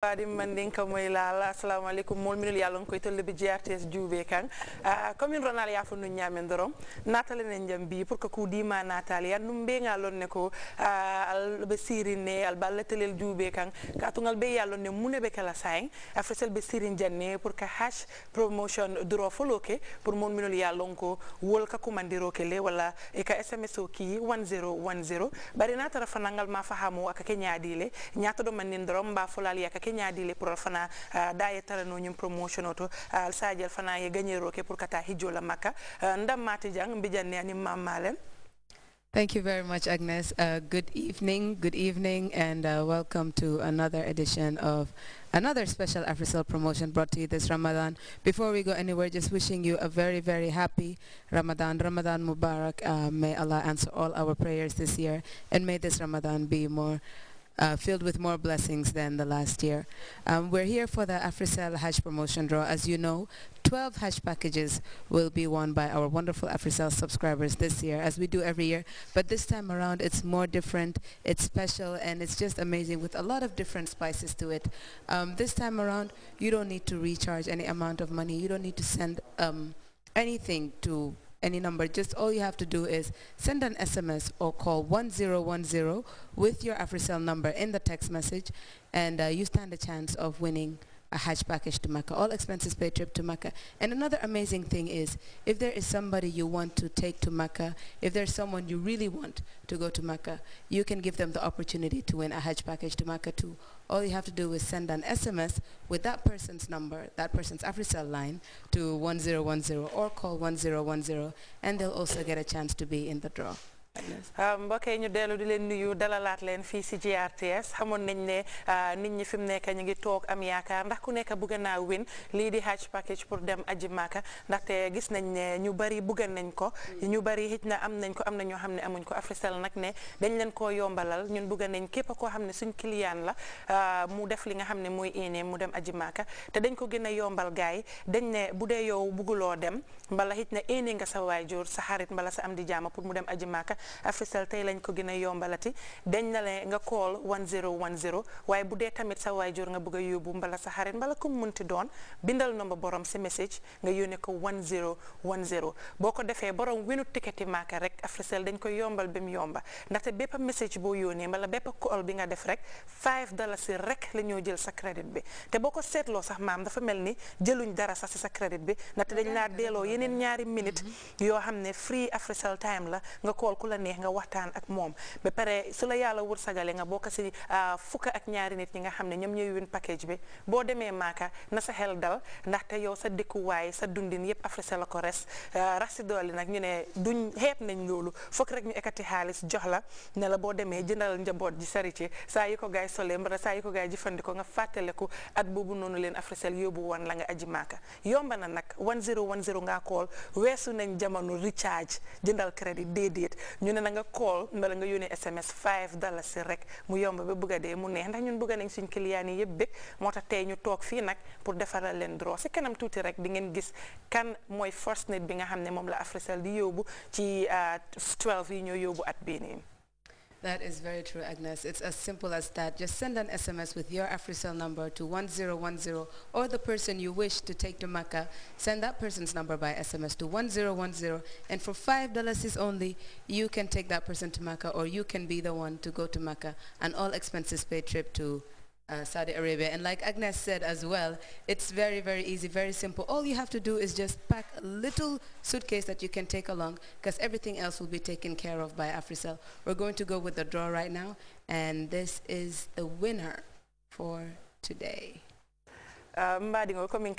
waɗim man nden kam moye laala assalamu aleykum molminol yo allah on koye tolle ɓe grts juuɓe kan ah, commune ronal yafo non ñamen doron natalen en jaam mbi pour que kuudima natali yan ɗum mbega lonne ko ah, alɓe sirine alɓe allah telel juuɓe kan katugal ɓe ya lonne muneɓe kala sahen afresel ah, ɓe sirin janne pour que hash promotion droit foloke pour molminol yo allah on ko wolka kumandiroke le walla e ka sms o ki 1010 ɓaɗi natara fanangal ma fahamo akake ñaaɗile ñatoɗo man nin doron mba folal pour fana ñum ah, promotion ah, al fana ye pour kata makka ah, ndam mati jang Thank you very much, Agnes. Uh, good evening, good evening, and uh, welcome to another edition of another special AfriCell promotion brought to you this Ramadan. Before we go anywhere, just wishing you a very, very happy Ramadan. Ramadan Mubarak. Uh, may Allah answer all our prayers this year, and may this Ramadan be more uh, filled with more blessings than the last year. Um, we're here for the AfriCell Hash Promotion Draw. As you know, 12 hash packages will be won by our wonderful AfriCell subscribers this year, as we do every year. But this time around, it's more different, it's special, and it's just amazing with a lot of different spices to it. Um, this time around, you don't need to recharge any amount of money. You don't need to send um, anything to any number. Just all you have to do is send an SMS or call 1010 with your AfriCell number in the text message and uh, you stand a chance of winning a Hajj package to Mecca, all expenses paid trip to Mecca. And another amazing thing is, if there is somebody you want to take to Mecca, if there's someone you really want to go to Mecca, you can give them the opportunity to win a Hajj package to Mecca too. All you have to do is send an SMS with that person's number, that person's AfriCell line to 1010 or call 1010 and they'll also get a chance to be in the draw. Ah, mbokk yi ñu dellu di leen nuyu dalalaat leen fii si GRTS xamoon nañ ne ah, nit ñi fi mu nekk ñu ngi toog am yaakaar ndax ku nekk bugg naa win lii di hajj package pour dem aji Màkka ndaxte gis nañ ne ñu bari bugg nañ ko ñu bari xëj na am nañ ko am na ñoo xam ne amuñ ko Africell nag ne dañ leen koo yombalal ñun bugg nañ képp koo xam ne suñ kiliyaan la ah, mu def li nga xam ne mooy iinee mu dem aji Màkka te dañ ko gën a yombal gaay dañ ne bu dee yow bugguloo dem mbala xëj na iinee nga sa waajur sa xarit mbala sa am di jaama pour mu dem aji Màkka Africell tey lañ ko gën a yombalati dañ na la nga call 1010 waaye bu dee tamit sa waajur nga bëgg a yóbbu mbala sa xarit mbala ko munti doon bindal nomba borom si message nga yónnee ko 1010 boo ko defee borom winu ticket yi maaka rek Africell dañ koy yombal bi mu yomba ndaxte bépp message boo yónnee mbala bépp call bi nga def rek 5 dalasi rek la ñoo jël sa crédit bi te boo ko seetloo sax maam dafa mel ni jëluñ dara sax si sa crédit bi ndaxte dañ laa delloo yeneen ñaari minute mm-hmm. yoo xam ne free Africell la la neex nga waxtaan ak moom ba pare su la yàlla wër sagale nga bokk si euh, fukk ak ñaari nit ñi nga xam ne ñoom ñooy win package bi boo demee maaka na sa xel dal ndaxte yow sa dëkkuwaay sa dundin yëpp Africa la ko res euh, rax si doole nag ñu ne duñ xeeb nañ loolu foog rek ñu ekkati xaalis jox la ne la boo demee jëndal njaboot ji sari ci saa yi ko gaay solee mbaa saa yi ko gaay jëfandikoo nga fàttaleku at boobu noonu leen Africell yóbbu woon la nga aji maaka yomba na nag 1010 ngaa kool weesu nañ jamono recharge jëndal ñu ne na nga call mbala nga yónnee SMS 5 dalasi rek mu yomb ba bëgg a dee mu neex ndax ñun bëgg nañ suñ kiliyaan yi yëpp bëgg moo tax tey ñu toog fii nag pour defaral leen draw si kanam tuuti rek di ngeen gis kan mooy first nit bi nga xam ne moom la Africell di yóbbu ci 12 ah, yi ñoo yóbbu at bii nii. That is very true, Agnes. It's as simple as that. Just send an SMS with your AfriCell number to 1010 or the person you wish to take to Makkah. Send that person's number by SMS to 1010 and for $5 only, you can take that person to Makkah or you can be the one to go to Makkah. An all expenses paid trip to uh, Saudi Arabia. And like Agnes said as well, it's very, very easy, very simple. All you have to do is just pack a little suitcase that you can take along because everything else will be taken care of by AfriCell. We're going to go with the draw right now. And this is the winner for today. ko molle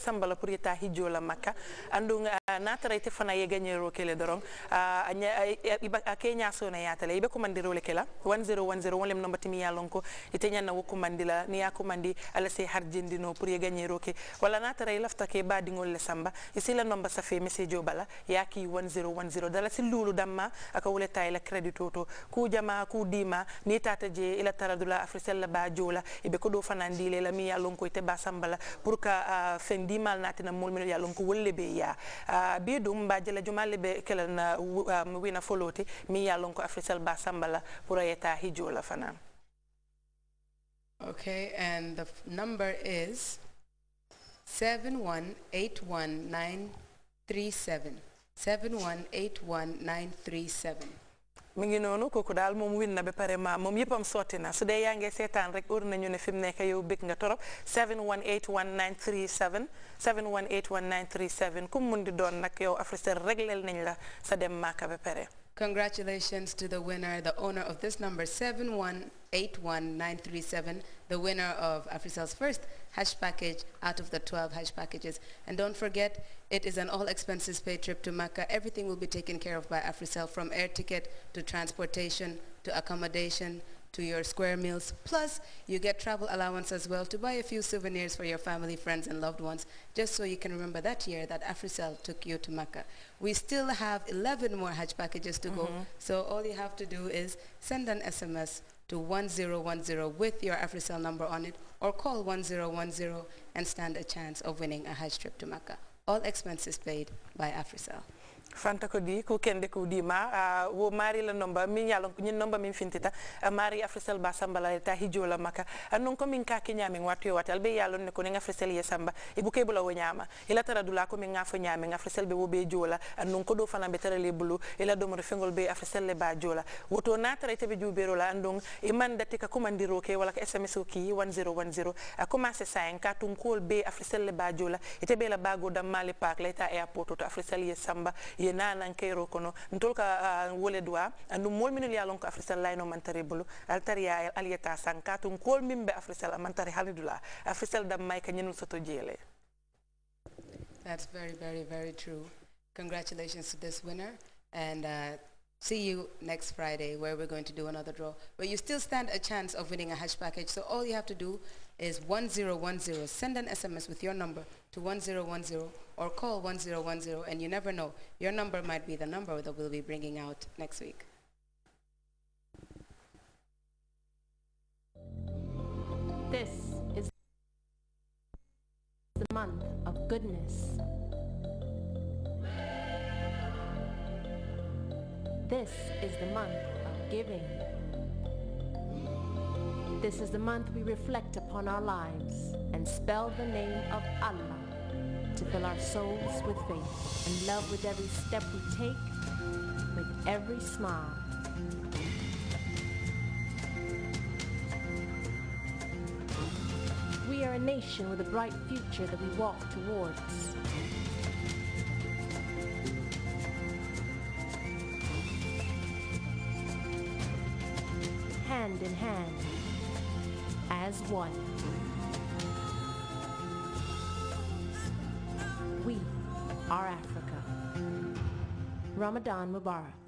sambala pour makka andu natara ite fana ye gagnero kele dorong a a kenya so na yatale ibe ko mandiro le 1010 wolem no batimi ya lonko ite nyanna wo ko mandila ni ya ko mandi ala se harjindino pour ye gagnero ke wala natara e lafta ke badingol le samba isi la nomba sa fe message o bala ya ki 1010 dala si lulu damma aka wole tay la credit toto ku jama ku dima ni tata je ila taradula afrisel la ba ibe ko do fana ndile la mi ya lonko ite ba sambala pour ka fendi mal natina mulmi ya lonko wolle be ya uh, Ah, bi ah, wina ko ba sambala pour okay and the number is 7181937 7181937 mi ngi noonu kooku daal moom win na ba pare ma moom yëppam sotti na su dee yaa ngi seetaan rek óor nañu ne fi mu nekk yow bëgg nga torop 7181937 7181937 comme mun di doon nag yow Africell régleel nañ la sa dem maaka ba pare Congratulations to the winner, the owner of this number, 7181937, the winner of AfriCell's first hash package out of the 12 hash packages. And don't forget, it is an all-expenses paid trip to Mecca. Everything will be taken care of by AfriCell, from air ticket to transportation to accommodation to your square meals. Plus, you get travel allowance as well to buy a few souvenirs for your family, friends, and loved ones, just so you can remember that year that AfriCell took you to Mecca. We still have 11 more Hajj packages to mm -hmm. go, mm-hmm. so all you have to do is send an SMS to 1010 with your AfriCell number on it, or call 1010 and stand a chance of winning a Hajj trip to Mecca. All expenses paid by AfriCell. fanta ko ɗi ko kende ko wdima wo maari la nomba min yalon ñin nomba min fintita maari afrisel ba sambala ta hijola maka non ko min kake ñamin wattu yo watal be yalon ne ko ne afrisel ye samba e bu kebula wo ñama ila tara dula ko min ngafo ñamin afrisel be wo be jola non ko do fana be tara le bulu ila ba jola woto na la andon e man datti ka commandiro ke wala ka sms o a commencé sa en ka tun kol be afrisel le ba jola be la la ta airport to afrisel ye samba ye kono wole andu mol minul ya layno mantare bulu ya sankatu kol mimbe mantare halidula dam may ka soto jele That's very, very, very true. Congratulations to this winner. And uh, see you next Friday where we're going to do another draw. But you still stand a chance of winning a hash package. So all you have to do is 1010. Send an SMS with your number to 1010 or call 1010 and you never know, your number might be the number that we'll be bringing out next week. This is the month of goodness. This is the month of giving. This is the month we reflect upon our lives and spell the name of Allah to fill our souls with faith and love with every step we take, with every smile. We are a nation with a bright future that we walk towards. Hand in hand as one. We are Africa. Ramadan Mubarak.